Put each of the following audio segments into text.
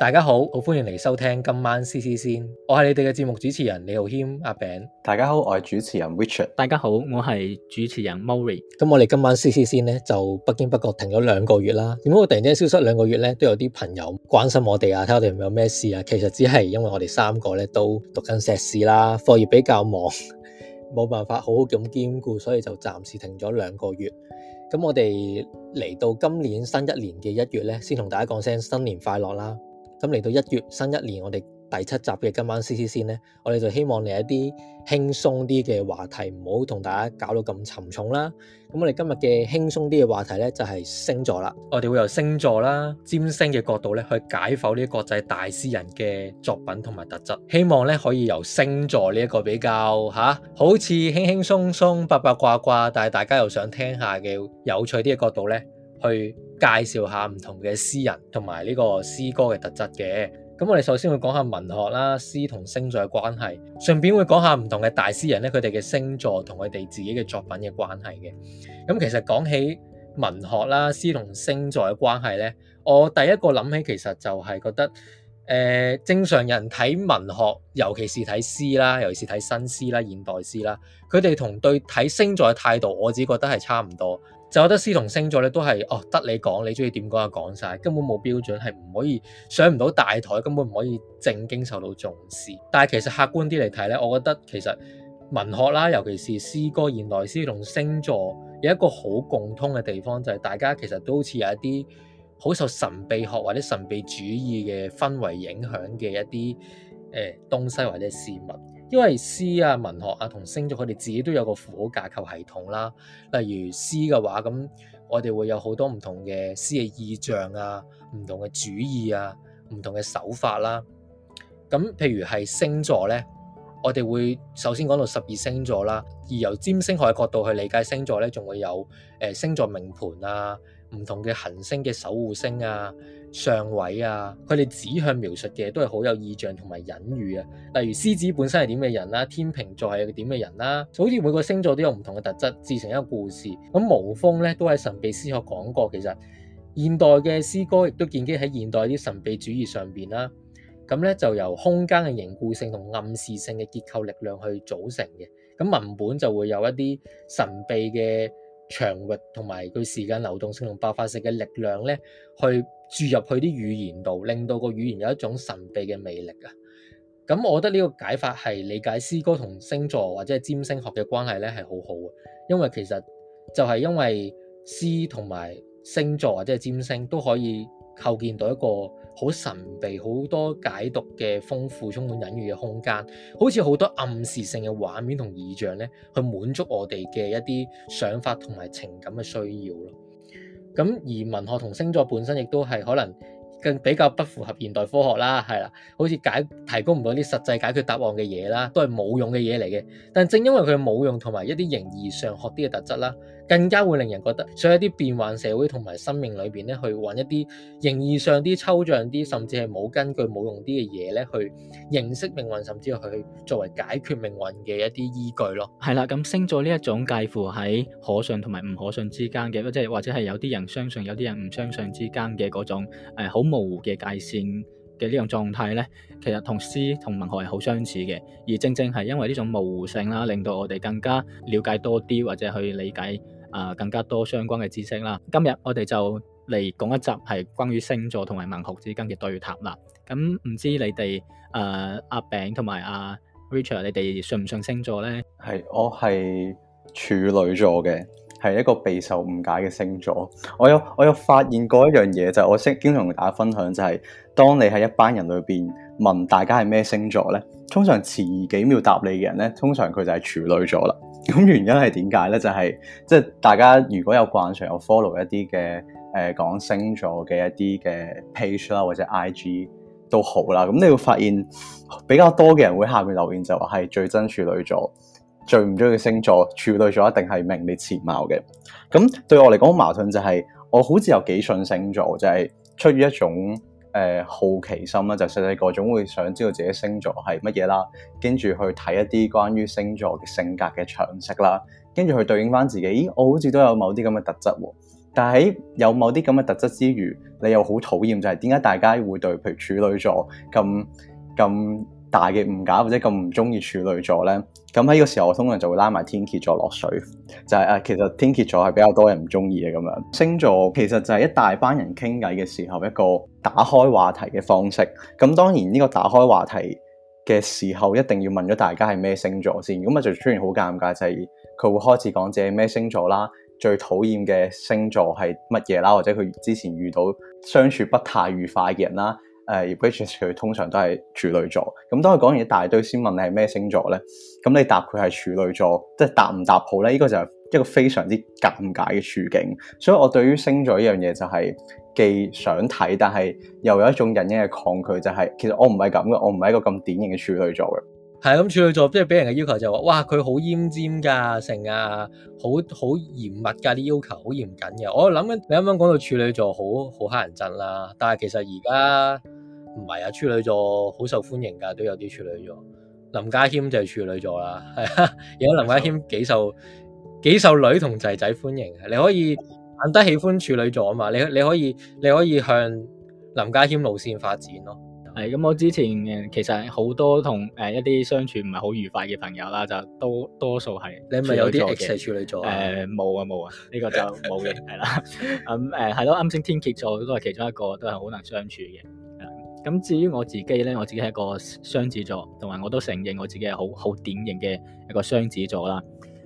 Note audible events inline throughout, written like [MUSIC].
大家好，好歡迎嚟收聽今晚 See See 先。我係你哋嘅節目主持人李浩謙阿餅。大家好，我係主持人 Richard。大家好，我係主持人 Mori。咁我哋今晚 See See 先咧，就不經不覺停咗兩個月啦。點解我突然之間消失兩個月咧？都有啲朋友關心我哋啊，睇我哋有咩事啊。其實只係因為我哋三個咧都讀緊碩士啦，課業比較忙，冇 [LAUGHS] 辦法好好咁兼顧，所以就暫時停咗兩個月。咁我哋嚟到今年新一年嘅一月咧，先同大家講聲新年快樂啦。咁嚟到一月新一年，我哋第七集嘅今晚 See 先呢，我哋就希望嚟一啲輕鬆啲嘅話題，唔好同大家搞到咁沉重啦。咁我哋今日嘅輕鬆啲嘅話題呢，就係、是、星座啦。 [MUSIC] 我哋會由星座啦、占星嘅角度呢，去解剖呢啲國際大詩人嘅作品同埋特質。希望呢可以由星座呢一個比較吓，好似輕輕鬆鬆，鬆、八八卦卦，但係大家又想聽下嘅有趣啲嘅角度呢，去介紹下唔同嘅詩人同埋呢個詩歌嘅特質嘅，咁我哋首先會講下文學啦，詩同星座嘅關係，順便會講下唔同嘅大詩人咧，佢哋嘅星座同佢哋自己嘅作品嘅關係嘅。咁其實講起文學啦，詩同星座嘅關係咧，我第一個諗起其實就係覺得，誒、呃、正常人睇文學，尤其是睇詩啦，尤其是睇新詩啦、現代詩啦，佢哋同對睇星座嘅態度，我自己覺得係差唔多。就覺得詩同星座咧都係哦，得你講，你中意點講就講晒，根本冇標準，係唔可以上唔到大台，根本唔可以正經受到重視。但係其實客觀啲嚟睇咧，我覺得其實文學啦，尤其是詩歌、現代詩同星座有一個好共通嘅地方，就係大家其實都好似有一啲好受神秘學或者神秘主義嘅氛圍影響嘅一啲誒東西或者事物。因為詩啊、文學啊同星座，佢哋自己都有個符號架構系統啦。例如詩嘅話，咁我哋會有好多唔同嘅詩嘅意象啊、唔同嘅主義啊、唔同嘅手法啦。咁譬如係星座咧，我哋會首先講到十二星座啦，而由占星學嘅角度去理解星座咧，仲會有誒星、呃、座名盤啊。唔同嘅行星嘅守護星啊、上位啊，佢哋指向描述嘅都係好有意象同埋隱喻啊。例如獅子本身係點嘅人啦、啊，天秤座係點嘅人啦、啊，就好似每個星座都有唔同嘅特質，自成一個故事。咁毛峰咧都喺神秘詩學講過，其實現代嘅詩歌亦都建基喺現代啲神秘主義上邊啦。咁咧就由空間嘅凝固性同暗示性嘅結構力量去組成嘅。咁文本就會有一啲神秘嘅。場域同埋佢時間流動性同爆發性嘅力量咧，去注入去啲語言度，令到個語言有一種神秘嘅魅力啊！咁我覺得呢個解法係理解詩歌同星座或者係占星學嘅關係咧，係好好啊！因為其實就係因為詩同埋星座或者係占星都可以構建到一個。好神秘，好多解讀嘅豐富、充滿隱喻嘅空間，好似好多暗示性嘅畫面同意象咧，去滿足我哋嘅一啲想法同埋情感嘅需要咯。咁而文學同星座本身亦都係可能更比較不符合現代科學啦，係啦，好似解提供唔到啲實際解決答案嘅嘢啦，都係冇用嘅嘢嚟嘅。但正因為佢冇用，同埋一啲形而上學啲嘅特質啦。更加會令人覺得，上一啲變幻社會同埋生命裏邊咧，去揾一啲形而上啲抽象啲，甚至係冇根據冇用啲嘅嘢咧，去認識命運，甚至係去作為解決命運嘅一啲依據咯。係啦，咁星座呢一種介乎喺可信同埋唔可信之間嘅，即係或者係有啲人相信，有啲人唔相信之間嘅嗰種呃、好模糊嘅界線嘅呢種狀態咧，其實同詩同文學係好相似嘅。而正正係因為呢種模糊性啦，令到我哋更加了解多啲，或者去理解。啊、呃，更加多相關嘅知識啦！今日我哋就嚟講一集係關於星座同埋文學之間嘅對談啦。咁、嗯、唔知你哋啊、呃、阿餅同埋阿 Richard 你哋信唔信星座咧？係，我係處女座嘅，係一個備受誤解嘅星座。我有我有發現過一樣嘢，就係、是、我經經常同大家分享，就係、是、當你喺一班人裏邊問大家係咩星座咧，通常遲幾秒答你嘅人咧，通常佢就係處女座啦。咁原因係點解咧？就係即係大家如果有慣常有 follow 一啲嘅誒講星座嘅一啲嘅 page 啦，或者 IG 都好啦。咁、嗯、你會發現比較多嘅人會下面留言就話係最憎處女座，最唔中意嘅星座處女座一定係名列前茅嘅。咁、嗯、對我嚟講，矛盾就係、是、我好似有幾信星座，就係、是、出於一種。誒、呃、好奇心啦，就細細個總會想知道自己星座係乜嘢啦，跟住去睇一啲關於星座嘅性格嘅常識啦，跟住去對應翻自己，咦，我好似都有某啲咁嘅特質喎、哦。但係有某啲咁嘅特質之餘，你又好討厭就係點解大家會對譬如處女座咁咁大嘅誤解或者咁唔中意處女座咧，咁喺呢個時候我通常就會拉埋天蠍座落水，就係，誒，啊，其實天蠍座係比較多人唔中意嘅咁樣星座，其實就係一大班人傾偈嘅時候一個打開話題嘅方式。咁當然呢個打開話題嘅時候一定要問咗大家係咩星座先，咁咪就出現好尷尬，就係佢會開始講自己咩星座啦，最討厭嘅星座係乜嘢啦，或者佢之前遇到相處不太愉快嘅人啦。誒佢、uh, 通常都係處女座，咁當佢講完一大堆先問你係咩星座咧，咁你答佢係處女座，即係答唔答好咧？呢、這個就係一個非常之尷尬嘅處境，所以我對於星座呢樣嘢就係既想睇，但係又有一種隱隱嘅抗拒、就是，就係其實我唔係咁嘅，我唔係一個咁典型嘅處女座嘅。係咁、嗯，處女座即係俾人嘅要求就話、是，哇，佢好奄尖㗎，成日，好好嚴密㗎啲要求，好嚴謹嘅。我諗緊你啱啱講到處女座好好乞人憎啦，但係其實而家。唔係啊，處女座好受歡迎噶，都有啲處女座。林家謙就係處女座啦，係啊，而家林家謙幾受幾受女同仔仔歡迎嘅。你可以肯得喜歡處女座啊嘛，你你可以你可以向林家謙路線發展咯。係咁，我之前其實好多同誒一啲相處唔係好愉快嘅朋友啦，就多多數係。你係咪有啲係處女座嘅？誒冇啊冇啊，呢個就冇嘅，係啦。咁誒係咯，啱先天蠍座都係其中一個，都係好難相處嘅。咁至於我自己咧，我自己係一個雙子座，同埋我都承認我自己係好好典型嘅一個雙子座啦。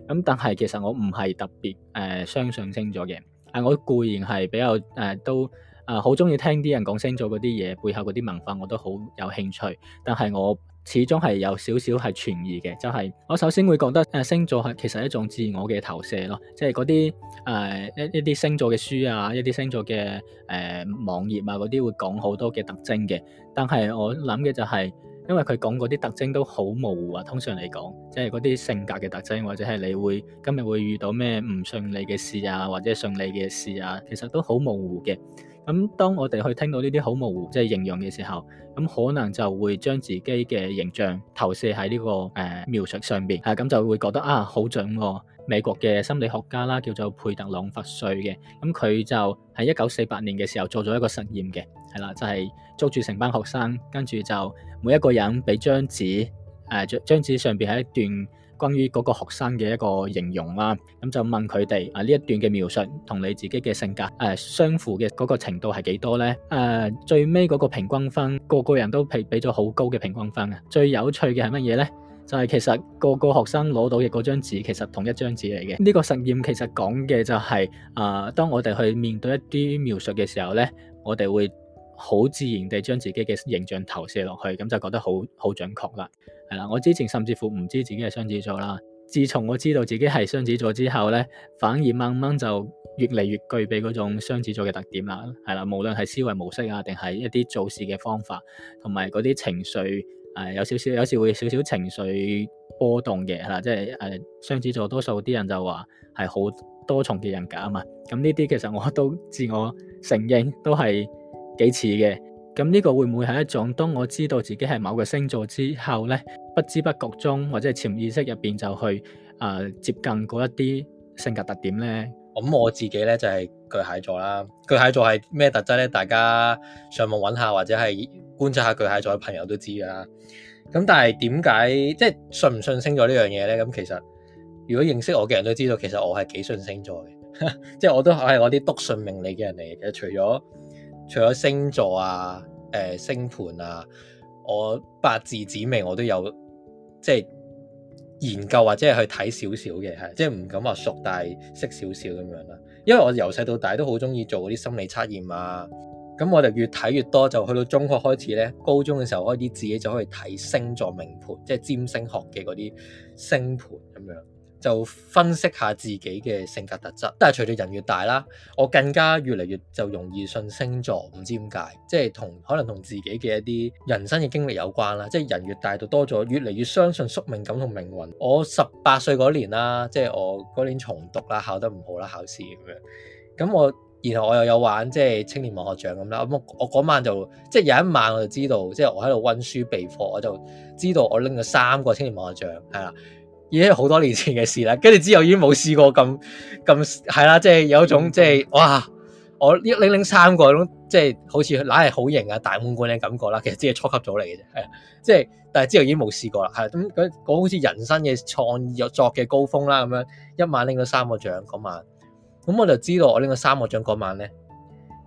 咁但係其實我唔係特別誒、呃、相信星座嘅，但我固然係比較誒、呃、都誒好鍾意聽啲人講星座嗰啲嘢，背後嗰啲文化我都好有興趣，但係我，始終係有少少係存疑嘅，就係、是、我首先會覺得誒星座係其實一種自我嘅投射咯，即係嗰啲誒一一啲星座嘅書啊，一啲星座嘅誒、呃、網頁啊嗰啲會講好多嘅特徵嘅，但係我諗嘅就係因為佢講嗰啲特徵都好模糊、啊，通常嚟講，即係嗰啲性格嘅特徵或者係你會今日會遇到咩唔順利嘅事啊，或者順利嘅事啊，其實都好模糊嘅。咁當我哋去聽到呢啲好模糊即係形容嘅時候，咁可能就會將自己嘅形象投射喺呢、這個誒、呃、描述上邊，係、啊、咁就會覺得啊好準喎、啊。美國嘅心理學家啦叫做佩特朗佛瑞嘅，咁、啊、佢就喺一九四八年嘅時候做咗一個實驗嘅，係啦就係、是、捉住成班學生，跟住就每一個人俾張紙，誒張紙上邊係一段。關於嗰個學生嘅一個形容啦，咁就問佢哋啊，呢一段嘅描述同你自己嘅性格誒、呃、相符嘅嗰個程度係幾多咧？誒、呃、最尾嗰個平均分，個個人都俾俾咗好高嘅平均分嘅。最有趣嘅係乜嘢咧？就係、是、其實個個學生攞到嘅嗰張紙其實同一張紙嚟嘅。呢、這個實驗其實講嘅就係、是、啊、呃，當我哋去面對一啲描述嘅時候咧，我哋會。好自然地將自己嘅形象投射落去，咁就覺得好好準確啦。係啦，我之前甚至乎唔知自己係雙子座啦。自從我知道自己係雙子座之後咧，反而慢慢就越嚟越具備嗰種雙子座嘅特點啦。係啦，無論係思維模式啊，定係一啲做事嘅方法，同埋嗰啲情緒誒、呃，有少少有時會少少情緒波動嘅，係啦，即係誒雙子座多數啲人就話係好多重嘅人格啊嘛。咁呢啲其實我都自我承認，都係。幾似嘅，咁呢、這個會唔會係一種當我知道自己係某個星座之後呢，不知不覺中或者係潛意識入邊就去啊、呃、接近嗰一啲性格特點呢？咁我自己呢，就係、是、巨蟹座啦，巨蟹座係咩特質呢？大家上網揾下或者係觀察下巨蟹座嘅朋友都知噶啦。咁但係點解即係信唔信星座呢樣嘢呢？咁其實如果認識我嘅人都知道，其實我係幾信星座嘅， [LAUGHS] 即係我都係我啲篤信命理嘅人嚟嘅，除咗。除咗星座啊，誒星盤啊，我八字、指命我都有即係研究或者係去睇少少嘅，係即係唔敢話熟，但係識少少咁樣啦。因為我由細到大都好中意做嗰啲心理測驗啊，咁我就越睇越多，就去到中學開始咧，高中嘅時候開始自己就可以睇星座命盤，即係占星學嘅嗰啲星盤咁樣。就分析下自己嘅性格特質，但係隨住人越大啦，我更加越嚟越就容易信星座，唔知點解，即係同可能同自己嘅一啲人生嘅經歷有關啦。即係人越大就多咗，越嚟越相信宿命感同命運。我十八歲嗰年啦，即係我嗰年重讀啦，考得唔好啦，考試咁樣，咁我然後我又有玩即係青年文學獎咁啦。咁我我嗰晚就即係有一晚我就知道，即係我喺度溫書備課，我就知道我拎咗三個青年文學獎，係啦。已經好多年前嘅事啦，跟住之後已經冇試過咁咁係啦，即係有一種即係哇，我一拎拎三個，即係好似嗱係好型啊大滿貫嘅感覺啦。其實只係初級組嚟嘅啫，係即係，但係之後已經冇試過啦。係咁講好似人生嘅創作作嘅高峰啦，咁樣一晚拎咗三個獎嗰晚，咁我就知道我拎咗三個獎嗰晚咧，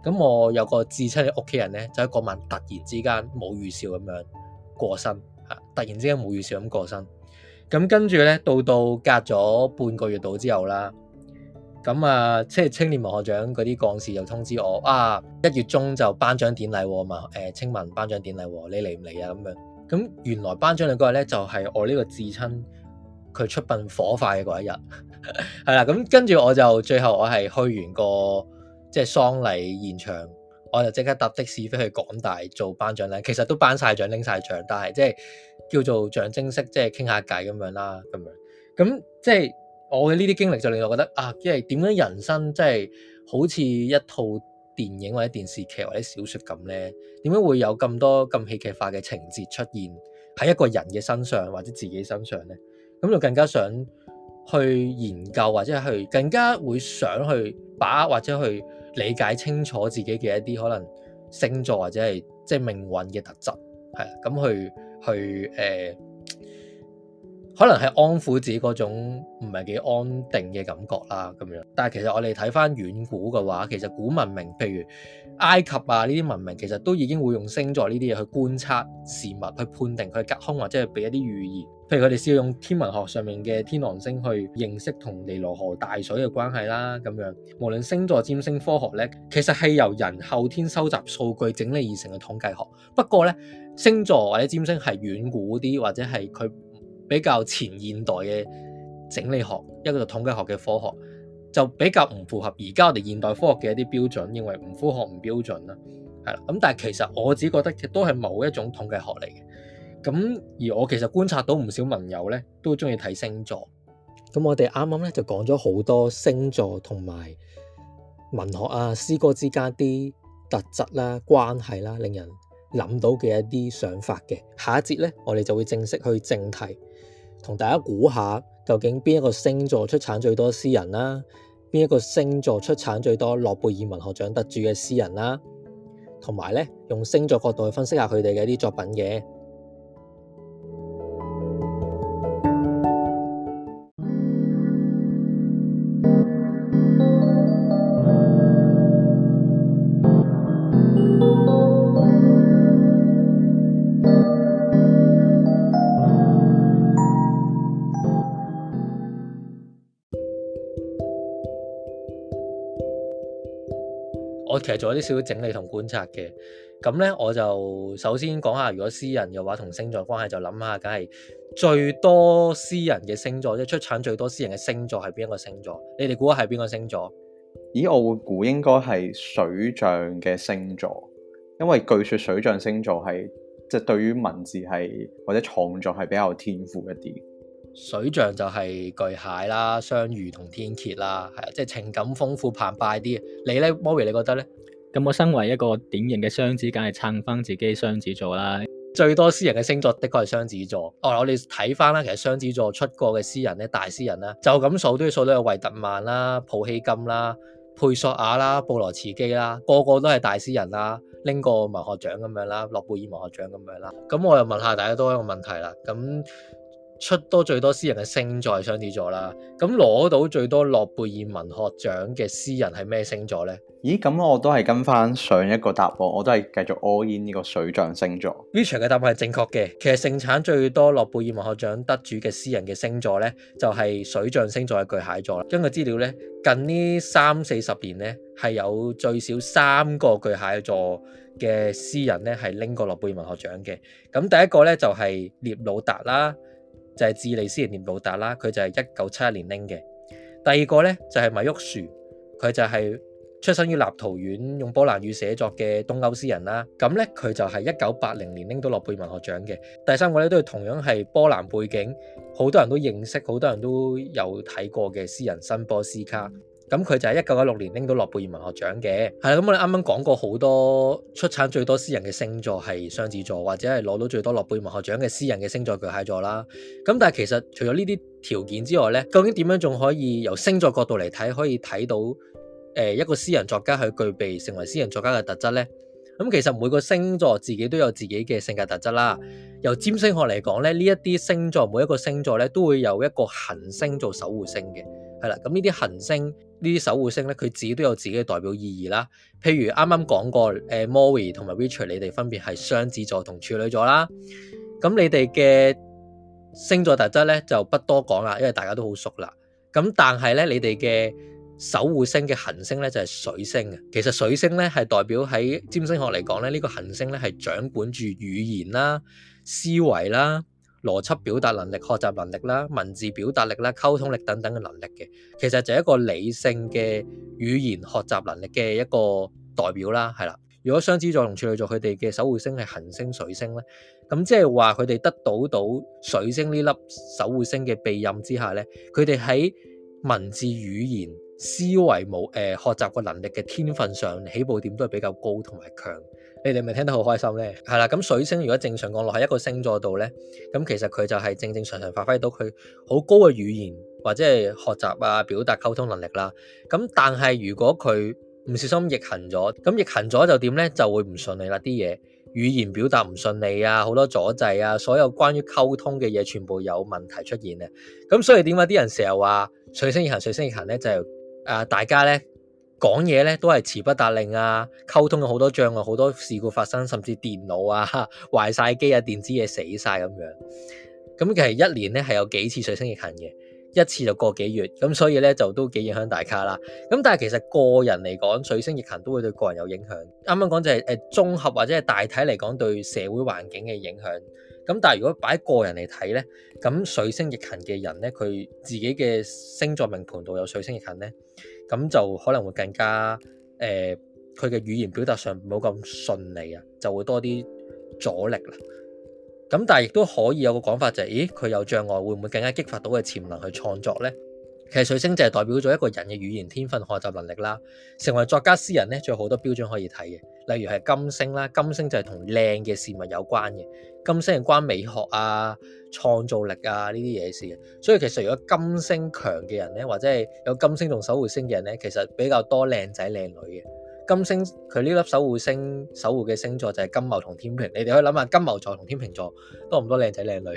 咁我有個至親嘅屋企人咧，就喺嗰晚突然之間冇預兆咁樣過身，突然之間冇預兆咁過身。咁跟住咧，到到隔咗半個月度之後啦，咁啊，即係青年文學獎嗰啲幹事就通知我，啊，一月中就頒獎典禮喎嘛，誒青文頒獎典禮你嚟唔嚟啊？咁樣，咁原來頒獎典禮日咧就係我呢個至親佢出殯火化嘅嗰一日，係 [LAUGHS] 啦，咁跟住我就最後我係去完個即係喪禮現場。我就即刻搭的士飛去廣大做頒獎禮咧，其實都頒晒獎拎晒獎，但係即係叫做象徵式，即係傾下偈咁樣啦，咁樣咁即係我嘅呢啲經歷就令我覺得啊，即係點樣人生即係好似一套電影或者電視劇或者小說咁咧？點解會有咁多咁戲劇化嘅情節出現喺一個人嘅身上或者自己身上咧？咁就更加想。去研究或者去更加會想去把握或者去理解清楚自己嘅一啲可能星座或者係即係命運嘅特質，係啦，咁、嗯、去去誒。呃可能係安撫自己嗰種唔係幾安定嘅感覺啦，咁樣。但係其實我哋睇翻遠古嘅話，其實古文明譬如埃及啊呢啲文明，其實都已經會用星座呢啲嘢去觀察事物，去判定佢吉凶或者係俾一啲預言。譬如佢哋試用天文學上面嘅天狼星去認識同尼羅河大水嘅關係啦，咁樣。無論星座、占星、科學呢，其實係由人後天收集數據整理而成嘅統計學。不過呢，星座或者占星係遠古啲，或者係佢，比較前現代嘅整理學，一個就統計學嘅科學，就比較唔符合而家我哋現代科學嘅一啲標準，認為唔科學唔標準啦，係啦。咁但係其實我自己覺得亦都係某一種統計學嚟嘅。咁而我其實觀察到唔少文友咧，都中意睇星座。咁我哋啱啱咧就講咗好多星座同埋文學啊、詩歌之間啲特質啦、啊、關係啦、啊，令人諗到嘅一啲想法嘅。下一節咧，我哋就會正式去正題。同大家估下，究竟邊一個星座出產最多詩人啦、啊？邊一個星座出產最多諾貝爾文學獎得主嘅詩人啦、啊？同埋咧，用星座角度去分析下佢哋嘅一啲作品嘅。做一啲小整理同觀察嘅，咁呢，我就首先講下，如果詩人嘅話同星座關係，就諗下，梗係最多詩人嘅星座，即出產最多詩人嘅星座係邊一個星座？你哋估下係邊個星座？咦，我會估應該係水象嘅星座，因為據説水象星座係即係對於文字係或者創作係比較天賦一啲。水象就係巨蟹啦、雙魚同天蠍啦，係啊，即係情感豐富澎湃啲。你呢，Moery，你覺得呢？咁我身為一個典型嘅雙子，梗係撐翻自己雙子座啦。最多詩人嘅星座的確係雙子座。哦，我哋睇翻啦，其實雙子座出過嘅詩人咧，大詩人啦，就咁數都數到有惠特曼啦、普希金啦、佩索亞啦、布羅茨基啦，個個都係大詩人啦，拎過文學獎咁樣啦，諾貝爾文學獎咁樣啦。咁我又問下大家多一個問題啦，咁。出多最多詩人嘅星座係雙子座啦。咁攞到最多諾貝爾文學獎嘅詩人係咩星座呢？咦，咁我都係跟翻上一個答案，我都係繼續 all in 呢個水象星座。v i c h 嘅答案係正確嘅。其實盛產最多諾貝爾文學獎得主嘅詩人嘅星座呢，就係、是、水象星座嘅巨蟹座啦。根據資料呢，近呢三四十年呢，係有最少三個巨蟹座嘅詩人呢，係拎過諾貝爾文學獎嘅。咁第一個呢，就係聶魯達啦。就係智利詩人聶魯達啦，佢就係一九七一年拎嘅。第二個咧就係、是、米沃什，佢就係出生於立陶宛，用波蘭語寫作嘅東歐詩人啦。咁咧佢就係一九八零年拎到諾貝文學獎嘅。第三個咧都係同樣係波蘭背景，好多人都認識，好多人都有睇過嘅詩人辛波斯卡。咁佢就係一九一六年拎到諾貝爾文學獎嘅，係啦。咁我哋啱啱講過好多出產最多詩人嘅星座係雙子座，或者係攞到最多諾貝爾文學獎嘅詩人嘅星座巨蟹座啦。咁但係其實除咗呢啲條件之外呢，究竟點樣仲可以由星座角度嚟睇可以睇到誒一個詩人作家去具備成為詩人作家嘅特質呢？咁其實每個星座自己都有自己嘅性格特質啦。由占星學嚟講呢，呢一啲星座，每一個星座咧都會有一個行星做守護星嘅。係啦，咁呢啲行星，星呢啲守護星咧，佢自己都有自己嘅代表意義啦。譬如啱啱講過，誒、欸、Moey 同埋 Richard，你哋分別係雙子座同處女座啦。咁、嗯、你哋嘅星座特質咧就不多講啦，因為大家都好熟啦。咁、嗯、但係咧，你哋嘅守護星嘅行星咧就係、是、水星啊。其實水星咧係代表喺占星學嚟講咧，呢、這個行星咧係掌管住語言啦、思維啦。邏輯表達能力、學習能力啦、文字表達力啦、溝通力等等嘅能力嘅，其實就係一個理性嘅語言學習能力嘅一個代表啦，係啦。如果雙子座同處女座佢哋嘅守護星係行星水星咧，咁即係話佢哋得到到水星呢粒守護星嘅庇蔭之下咧，佢哋喺文字語言思維冇誒學習個能力嘅天分上起步點都係比較高同埋強。你哋係咪聽得好開心咧，係啦。咁水星如果正常降落喺一個星座度咧，咁其實佢就係正正常常發揮到佢好高嘅語言或者係學習啊、表達溝通能力啦。咁但係如果佢唔小心逆行咗，咁逆行咗就點咧？就會唔順利啦啲嘢，語言表達唔順利啊，好多阻滯啊，所有關於溝通嘅嘢全部有問題出現啊。咁所以點解啲人成日話水星逆行、水星逆行咧？就誒、係啊、大家咧。講嘢咧都係詞不達令啊，溝通有好多障礙，好多事故發生，甚至電腦啊壞晒機啊，電子嘢死晒咁樣。咁其實一年咧係有幾次水星逆行嘅，一次就個幾月，咁所以咧就都幾影響大家啦。咁但係其實個人嚟講，水星逆行都會對個人有影響。啱啱講就係誒綜合或者係大體嚟講對社會環境嘅影響。咁但係如果擺喺個人嚟睇咧，咁水星逆行嘅人咧，佢自己嘅星座命盤度有水星逆行咧。咁就可能會更加誒，佢、呃、嘅語言表達上冇咁順利啊，就會多啲阻力啦。咁但係亦都可以有個講法就係、係，咦佢有障礙會唔會更加激發到嘅潛能去創作呢？其實水星就係代表咗一個人嘅語言天分、學習能力啦。成為作家、詩人咧，仲有好多標準可以睇嘅。例如係金星啦，金星就係同靚嘅事物有關嘅，金星係關美學啊、創造力啊呢啲嘢事嘅，所以其實如果金星強嘅人咧，或者係有金星同守護星嘅人咧，其實比較多靚仔靚女嘅。金星佢呢粒守護星守護嘅星座就係金牛同天秤。你哋可以諗下金牛座同天秤座多唔多靚仔靚女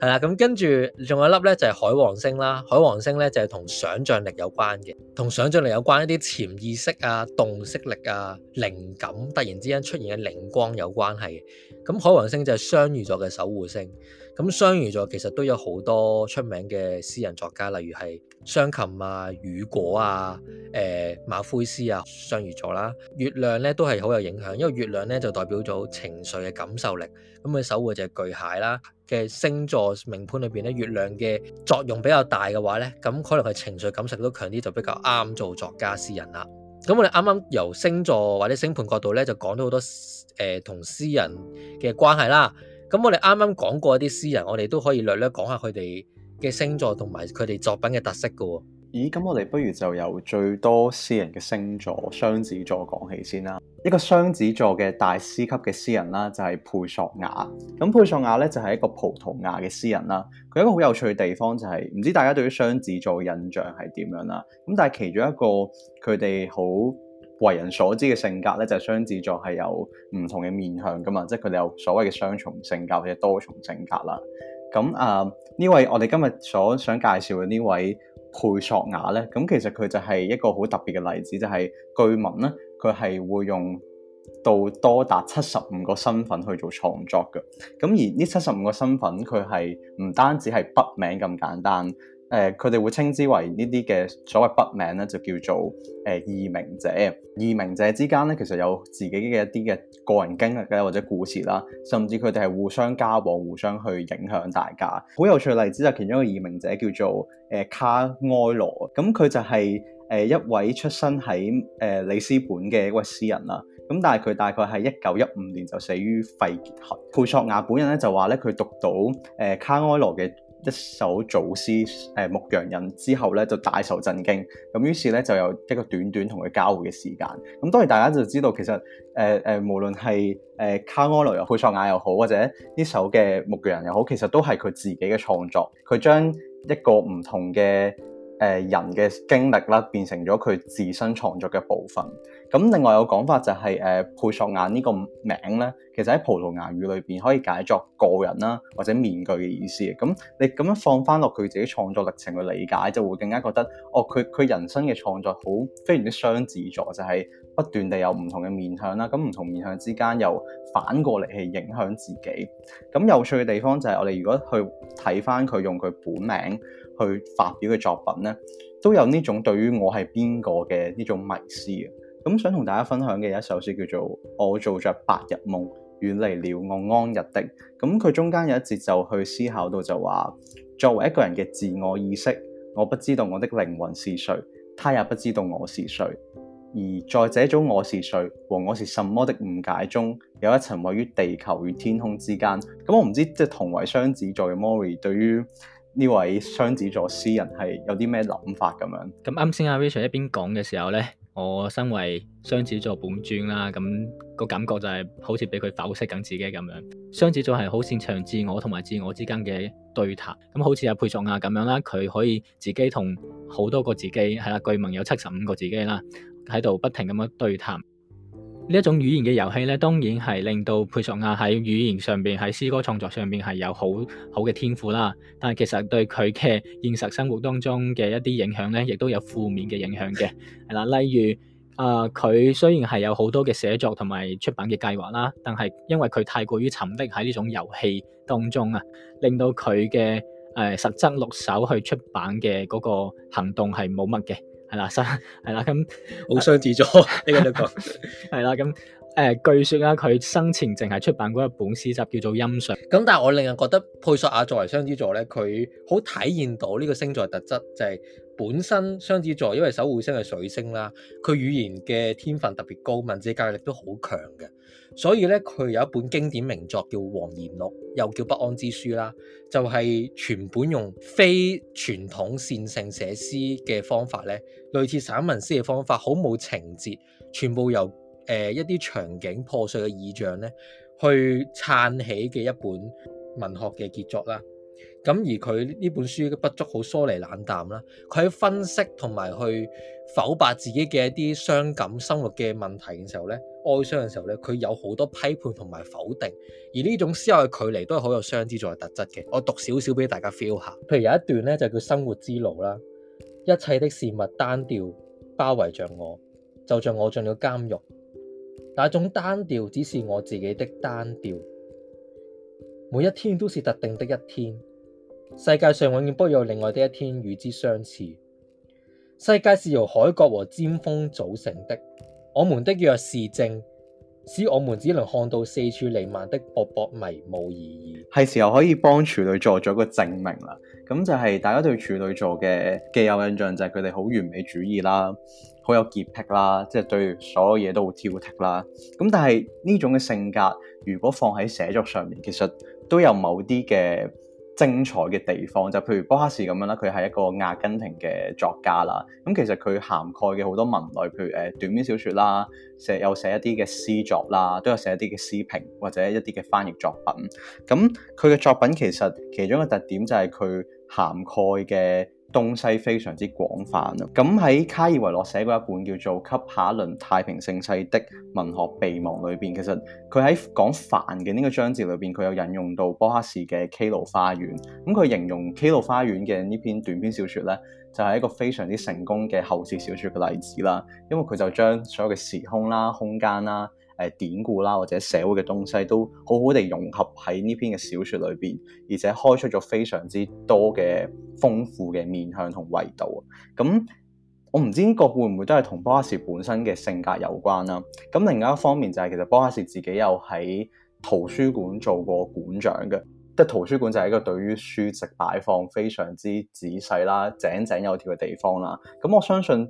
係啦，咁 [LAUGHS] 跟住仲有一粒呢，就係海王星啦，海王星呢，就係同想象力有關嘅，同想象力有關一啲潛意識啊、洞悉力啊、靈感突然之間出現嘅靈光有關係嘅，咁海王星就係雙魚座嘅守護星。咁雙魚座其實都有好多出名嘅詩人作家，例如係雙琴啊、雨果啊、誒、呃、馬奎斯啊，雙魚座啦。月亮咧都係好有影響，因為月亮咧就代表咗情緒嘅感受力。咁佢守護隻巨蟹啦，嘅星座命盤裏邊咧，月亮嘅作用比較大嘅話咧，咁可能佢情緒感受都強啲，就比較啱做作家、詩人啦。咁我哋啱啱由星座或者星盤角度咧，就講咗好多誒同、呃、詩人嘅關係啦。咁我哋啱啱講過一啲詩人，我哋都可以略略講下佢哋嘅星座同埋佢哋作品嘅特色㗎喎。咦？咁我哋不如就由最多詩人嘅星座雙子座講起先啦。一個雙子座嘅大師級嘅詩人啦，就係佩索亞。咁佩索亞咧就係一個葡萄牙嘅詩人啦。佢一個好有趣嘅地方就係、是，唔知大家對於雙子座嘅印象係點樣啦？咁但係其中一個佢哋好為人所知嘅性格咧，就係、是、雙子座係有唔同嘅面向噶嘛，即係佢哋有所謂嘅雙重性格或者多重性格啦。咁啊呢位我哋今日所想介紹嘅呢位佩索亞咧，咁其實佢就係一個好特別嘅例子，就係據聞咧，佢係會用到多達七十五個身份去做創作嘅。咁而呢七十五個身份，佢係唔單止係筆名咁簡單。誒佢哋會稱之為呢啲嘅所謂筆名咧，就叫做誒、呃、異名者。異名者之間咧，其實有自己嘅一啲嘅個人經歷嘅，或者故事啦，甚至佢哋係互相交往、互相去影響大家。好有趣嘅例子就其中一個異名者叫做誒、呃、卡埃羅，咁、嗯、佢就係、是、誒、呃、一位出生喺誒、呃、里斯本嘅一位詩人啦。咁、嗯、但係佢大概係一九一五年就死於肺結核。佩索亞本人咧就話咧，佢讀到誒、呃、卡埃羅嘅一首祖詩《誒、呃、牧羊人》之後咧，就大受震驚，咁於是咧就有一個短短同佢交會嘅時間。咁當然大家就知道其實誒誒、呃呃，無論係誒、呃、卡安羅又佩索亞又好，或者呢首嘅牧羊人又好，其實都係佢自己嘅創作。佢將一個唔同嘅誒、呃、人嘅經歷啦，變成咗佢自身創作嘅部分。咁另外有講法就係、是、誒、呃、佩索亞呢個名咧，其實喺葡萄牙語裏邊可以解作個人啦、啊、或者面具嘅意思。咁你咁樣放翻落佢自己創作歷程去理解，就會更加覺得哦，佢佢人生嘅創作好非常之雙自主，就係、是、不斷地有唔同嘅面向啦。咁唔同面向之間又反過嚟係影響自己。咁有趣嘅地方就係我哋如果去睇翻佢用佢本名去發表嘅作品咧，都有呢種對於我係邊個嘅呢種迷思啊！咁想同大家分享嘅有一首詩叫做《我做着白日夢，遠離了我安逸的》。咁佢中間有一節就去思考到就話，作為一個人嘅自我意識，我不知道我的靈魂是誰，他也不知道我是誰。而在這種我是誰和我是什麼的誤解中，有一層位於地球與天空之間。咁、呃、我唔知即係同為雙子座嘅 Mori 對於呢位雙子座詩人係有啲咩諗法咁樣？咁啱先阿 Rachel 一邊講嘅時候咧，我身為雙子座本尊啦，咁個感覺就係好似俾佢剖析緊自己咁樣。雙子座係好擅長自我同埋自我之間嘅對談，咁好似阿佩索亞咁樣啦，佢可以自己同好多個自己係啦，據聞有七十五個自己啦，喺度不停咁樣對談。呢一種語言嘅遊戲咧，當然係令到佩索亞喺語言上邊、喺詩歌創作上邊係有好好嘅天賦啦。但係其實對佢嘅現實生活當中嘅一啲影響咧，亦都有負面嘅影響嘅。係啦，例如啊，佢、呃、雖然係有好多嘅寫作同埋出版嘅計劃啦，但係因為佢太過於沉溺喺呢種遊戲當中啊，令到佢嘅誒實質落手去出版嘅嗰個行動係冇乜嘅。係啦，生係啦，咁。雙子座呢個都講，係啦，咁。誒，據說啦，佢生前淨係出版過一本詩集叫做《音訊》。咁，但係我令人覺得，佩索亞作為雙子座咧，佢好體現到呢個星座特質，就係、是、本身雙子座，因為守護星係水星啦，佢語言嘅天分特別高，文字駕馭力都好強嘅。所以咧，佢有一本經典名作叫《惶然錄》，又叫《不安之書》啦，就係、是、全本用非傳統線性寫詩嘅方法咧，類似散文詩嘅方法，好冇情節，全部由誒一啲場景破碎嘅意象咧，去撐起嘅一本文學嘅傑作啦。咁而佢呢本書嘅筆觸好疏離冷淡啦，佢喺分析同埋去剖白自己嘅一啲傷感生活嘅問題嘅時候咧。哀傷嘅時候咧，佢有好多批判同埋否定，而呢種思離有嘅距離都係好有雙子座嘅特質嘅。我讀少少俾大家 feel 下，譬如有一段咧就叫《生活之路》啦，一切的事物單調包圍着我，就像我進了監獄。但係種單調只是我自己的單調，每一天都是特定的一天，世界上永遠不有另外的一天與之相似。世界是由海角和尖峰組成的。我們的弱視症使我們只能看到四處彌漫的薄薄迷霧而已。係時候可以幫處女座做一個證明啦。咁就係大家對處女座嘅既有印象就係佢哋好完美主義啦，好有潔癖啦，即係對所有嘢都好挑剔啦。咁但係呢種嘅性格如果放喺寫作上面，其實都有某啲嘅。精彩嘅地方就是、譬如波赫士咁樣啦，佢係一個阿根廷嘅作家啦。咁其實佢涵蓋嘅好多文類，譬如誒短篇小説啦，寫又寫一啲嘅詩作啦，都有寫一啲嘅詩評或者一啲嘅翻譯作品。咁佢嘅作品其實其中個特點就係佢涵蓋嘅東西非常之廣泛啊！咁喺卡爾維諾寫過一本叫做《給下一輪太平盛世的文學備忘》裏邊，其實佢喺講凡嘅呢個章節裏邊，佢有引用到波赫士嘅《歧路花園》。咁佢形容《歧路花園》嘅呢篇短篇小説咧，就係、是、一個非常之成功嘅後設小説嘅例子啦。因為佢就將所有嘅時空啦、啊、空間啦、啊。誒典故啦，或者社會嘅東西都好好地融合喺呢篇嘅小説裏邊，而且開出咗非常之多嘅豐富嘅面向同維度啊！咁、嗯、我唔知呢個會唔會都係同波赫士本身嘅性格有關啦？咁、嗯、另外一方面就係、是、其實波赫士自己又喺圖書館做過館長嘅，即、嗯、係圖書館就係一個對於書籍擺放非常之仔細啦、井井有條嘅地方啦。咁、嗯、我相信。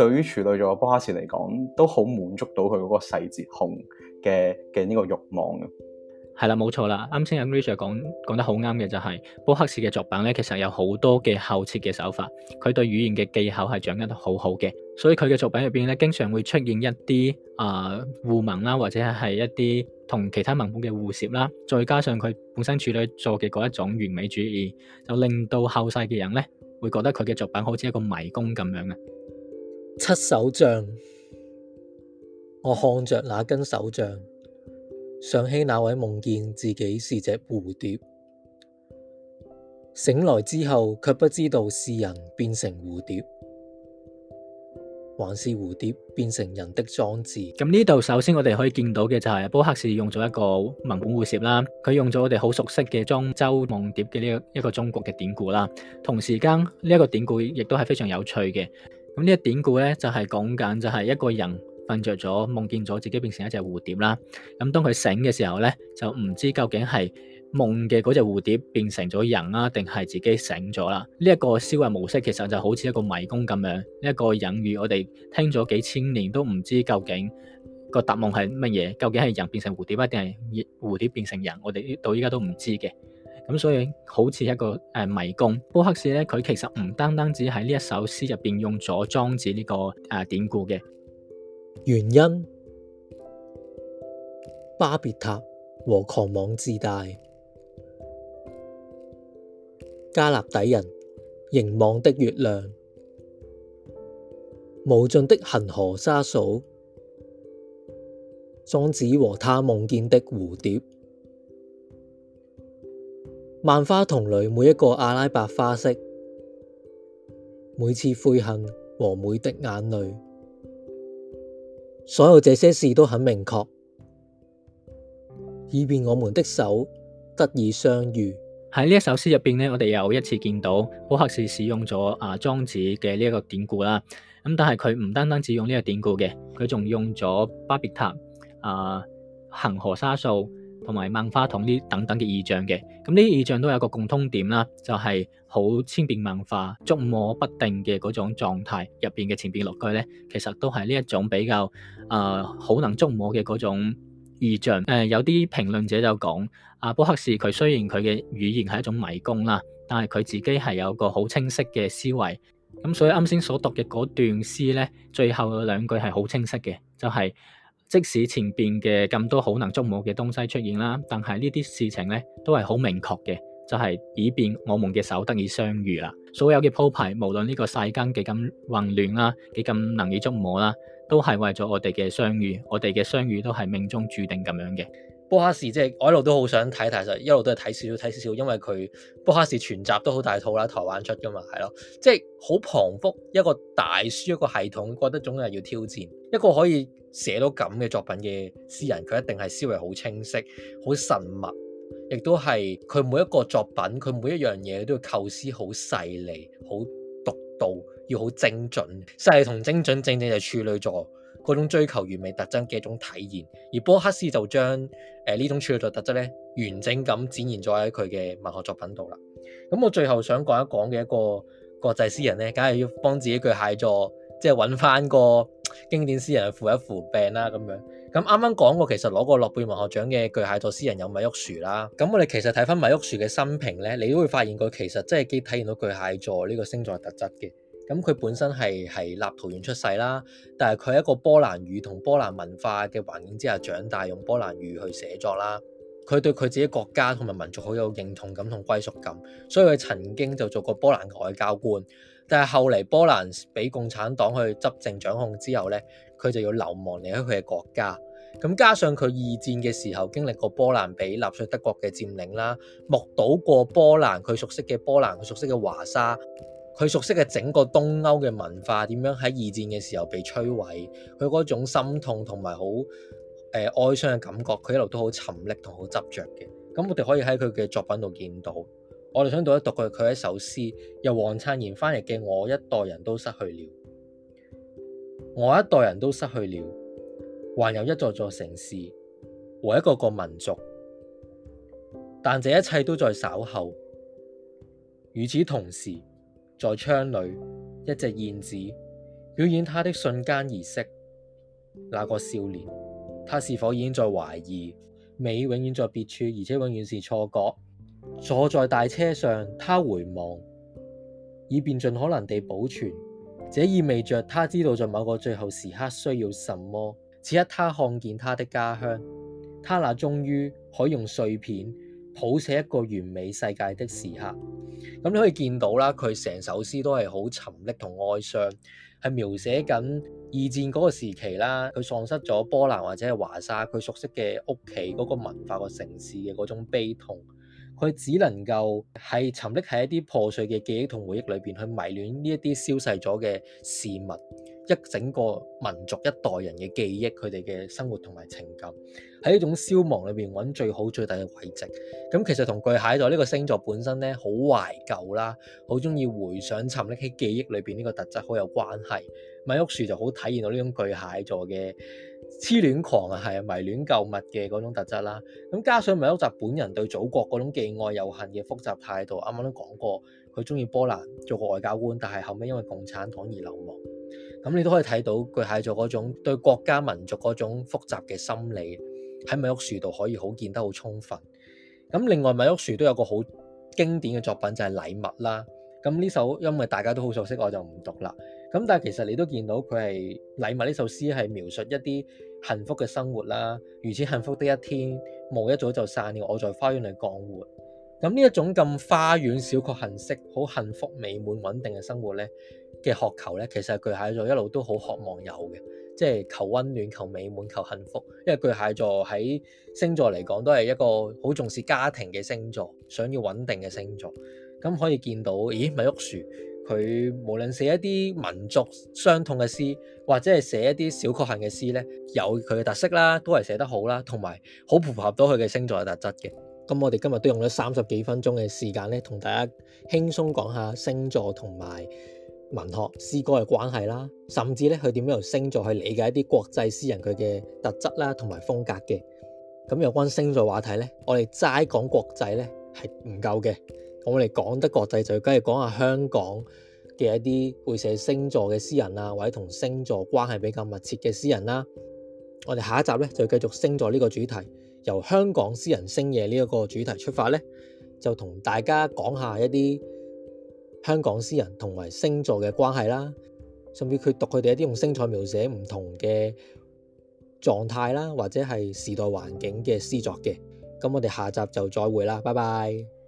對於處女座嘅波赫士嚟講，都好滿足到佢嗰個細節控嘅嘅呢個慾望嘅。係啦，冇錯啦。啱先阿 Rachel 講講得好啱嘅就係、是、波赫士嘅作品咧，其實有好多嘅後設嘅手法，佢對語言嘅技巧係掌握得好好嘅，所以佢嘅作品入邊咧，經常會出現一啲啊、呃、互文啦，或者係一啲同其他文本嘅互涉啦，再加上佢本身處女座嘅嗰一種完美主義，就令到後世嘅人咧會覺得佢嘅作品好似一個迷宮咁樣嘅。七手杖。我看着那根手杖，想起那位夢見自己是隻蝴蝶，醒來之後卻不知道是人變成蝴蝶，還是蝴蝶變成人的裝置。咁呢度首先我哋可以見到嘅就係波赫士用咗一個文本互攝啦，佢用咗我哋好熟悉嘅《莊周夢蝶》嘅呢一個中國嘅典故啦。同時間呢一個典故亦都係非常有趣嘅。咁呢一典故咧，就係講緊就係一個人瞓着咗，夢見咗自己變成一隻蝴蝶啦。咁當佢醒嘅時候咧，就唔知究竟係夢嘅嗰隻蝴蝶變成咗人啊，定係自己醒咗啦？呢一個思維模式其實就好似一個迷宮咁樣，呢一個隱喻我哋聽咗幾千年都唔知究竟個答案係乜嘢，究竟係人變成蝴蝶啊，定係蝴蝶變成人？我哋到依家都唔知嘅。.咁、嗯、所以好似一個誒、呃、迷宮。波赫士呢，佢其實唔單單只喺呢一首詩入邊用咗莊子呢個誒、呃、典故嘅原因。巴別塔和狂妄自大。加納底人凝望的月亮。無盡的恒河沙數。莊子和他夢見的蝴蝶。萬花筒裏每一個阿拉伯花式，每次悔恨和每滴眼淚，所有這些事都很明確，以便我們的手得以相遇。喺呢一首詩入邊呢，我哋又一次見到波赫士使用咗啊莊子嘅呢一個典故啦。咁但係佢唔單單只用呢個典故嘅，佢仲用咗巴別塔啊、呃、恆河沙數。同埋萬花筒呢等等嘅意象嘅，咁呢啲意象都有一個共通點啦，就係、是、好千變萬化、捉摸不定嘅嗰種狀態入邊嘅前邊六句咧，其實都係呢一種比較誒好、呃、能捉摸嘅嗰種意象。誒、呃，有啲評論者就講阿、啊、波克士佢雖然佢嘅語言係一種迷宮啦，但係佢自己係有個好清晰嘅思維。咁所以啱先所讀嘅嗰段詩咧，最後兩句係好清晰嘅，就係、是。即使前邊嘅咁多好難捉摸嘅東西出現啦，但係呢啲事情呢都係好明確嘅，就係、是、以便我們嘅手得以相遇啦。所有嘅鋪排，無論呢個世間幾咁混亂啦，幾咁難以捉摸啦，都係為咗我哋嘅相遇，我哋嘅相遇都係命中注定咁樣嘅。波赫士即係我一路都好想睇，但係就一路都係睇少少睇少少，因為佢波赫士全集都好大套啦，台灣出噶嘛，係咯，即係好磅礴一個大書一個系統，覺得總係要挑戰一個可以寫到咁嘅作品嘅詩人，佢一定係思維好清晰、好縝密，亦都係佢每一個作品、佢每一樣嘢都要構思好細膩、好獨到，要好精準，細同精準正正就係處女座，嗰種追求完美特質嘅一種體現，而波赫士就將誒呢種處女座特質咧，完整咁展現咗喺佢嘅文學作品度啦。咁我最後想講一講嘅一個國際詩人咧，梗係要幫自己巨蟹座，即係揾翻個經典詩人去扶一扶病啦咁樣。咁啱啱講過，其實攞過諾貝文學獎嘅巨蟹座詩人有米沃什啦。咁我哋其實睇翻米沃什嘅生平咧，你都會發現佢其實真係幾體現到巨蟹座呢個星座特質嘅。咁佢、嗯、本身係係立陶宛出世啦，但係佢喺一個波蘭語同波蘭文化嘅環境之下長大，用波蘭語去寫作啦。佢對佢自己國家同埋民族好有認同感同歸屬感，所以佢曾經就做過波蘭嘅外交官。但係後嚟波蘭俾共產黨去執政掌控之後呢，佢就要流亡離開佢嘅國家。咁加上佢二戰嘅時候經歷過波蘭俾納粹德國嘅佔領啦，目睹過波蘭佢熟悉嘅波蘭佢熟悉嘅華沙。佢熟悉嘅整個東歐嘅文化點樣喺二戰嘅時候被摧毀，佢嗰種心痛同埋好誒哀傷嘅感覺，佢一路都好沉溺同好執着嘅。咁我哋可以喺佢嘅作品度見到。我哋想讀一讀佢佢一首詩由黃燦然翻譯嘅《我一代人都失去了》，我一代人都失去了，還有一座座城市和一個個民族，但這一切都在稍後。與此同時。在窗裏，一隻燕子表演他的瞬間儀式。那個少年，他是否已經在懷疑美永遠在別處，而且永遠是錯覺？坐在大車上，他回望，以便盡可能地保存。這意味着他知道在某個最後時刻需要什麼。此刻，他看見他的家鄉，他那終於可用碎片。譜寫一個完美世界的時刻，咁你可以見到啦，佢成首詩都係好沉溺同哀傷，係描寫緊二戰嗰個時期啦，佢喪失咗波蘭或者係華沙佢熟悉嘅屋企嗰個文化個城市嘅嗰種悲痛，佢只能夠係沉溺喺一啲破碎嘅記憶同回憶裏邊去迷戀呢一啲消逝咗嘅事物。一整個民族一代人嘅記憶，佢哋嘅生活同埋情感，喺呢種消亡裏邊揾最好最大嘅慰藉。咁其實同巨蟹座呢個星座本身咧，好懷舊啦，好中意回想沉溺喺記憶裏邊呢個特質好有關係。米沃什就好體現到呢種巨蟹座嘅痴戀狂啊，係迷戀舊物嘅嗰種特質啦。咁加上米沃什本人對祖國嗰種既愛又恨嘅複雜態度，啱啱都講過。佢中意波蘭，做過外交官，但係後尾因為共產黨而流亡。咁你都可以睇到佢係做嗰種對國家民族嗰種複雜嘅心理，喺米沃什度可以好見得好充分。咁另外米沃什都有個好經典嘅作品就係、是《禮物》啦。咁呢首因為大家都好熟悉，我就唔讀啦。咁但係其實你都見到佢係《禮物》呢首詩係描述一啲幸福嘅生活啦。如此幸福的一天，霧一早就散了，我在花園裏幹活。咁呢一種咁花園小確幸式好幸福美滿穩定嘅生活咧嘅渴求咧，其實巨蟹座一路都好渴望有嘅，即係求温暖、求美滿、求幸福。因為巨蟹座喺星座嚟講都係一個好重視家庭嘅星座，想要穩定嘅星座。咁可以見到，咦？米沃什佢無論寫一啲民族傷痛嘅詩，或者係寫一啲小確幸嘅詩咧，有佢嘅特色啦，都係寫得好啦，同埋好符合到佢嘅星座嘅特質嘅。咁我哋今日都用咗三十幾分鐘嘅時間咧，同大家輕鬆講下星座同埋文學詩歌嘅關係啦，甚至咧佢點樣由星座去理解一啲國際詩人佢嘅特質啦，同埋風格嘅。咁有關星座話題咧，我哋齋講國際咧係唔夠嘅，咁我哋講得國際就梗係講下香港嘅一啲會寫星座嘅詩人啊，或者同星座關係比較密切嘅詩人啦。我哋下一集咧就繼續星座呢個主題。由香港詩人星夜呢一、這個主題出發呢，就同大家講下一啲香港詩人同埋星座嘅關係啦，甚至佢讀佢哋一啲用星座描寫唔同嘅狀態啦，或者係時代環境嘅詩作嘅。咁我哋下集就再會啦，拜拜。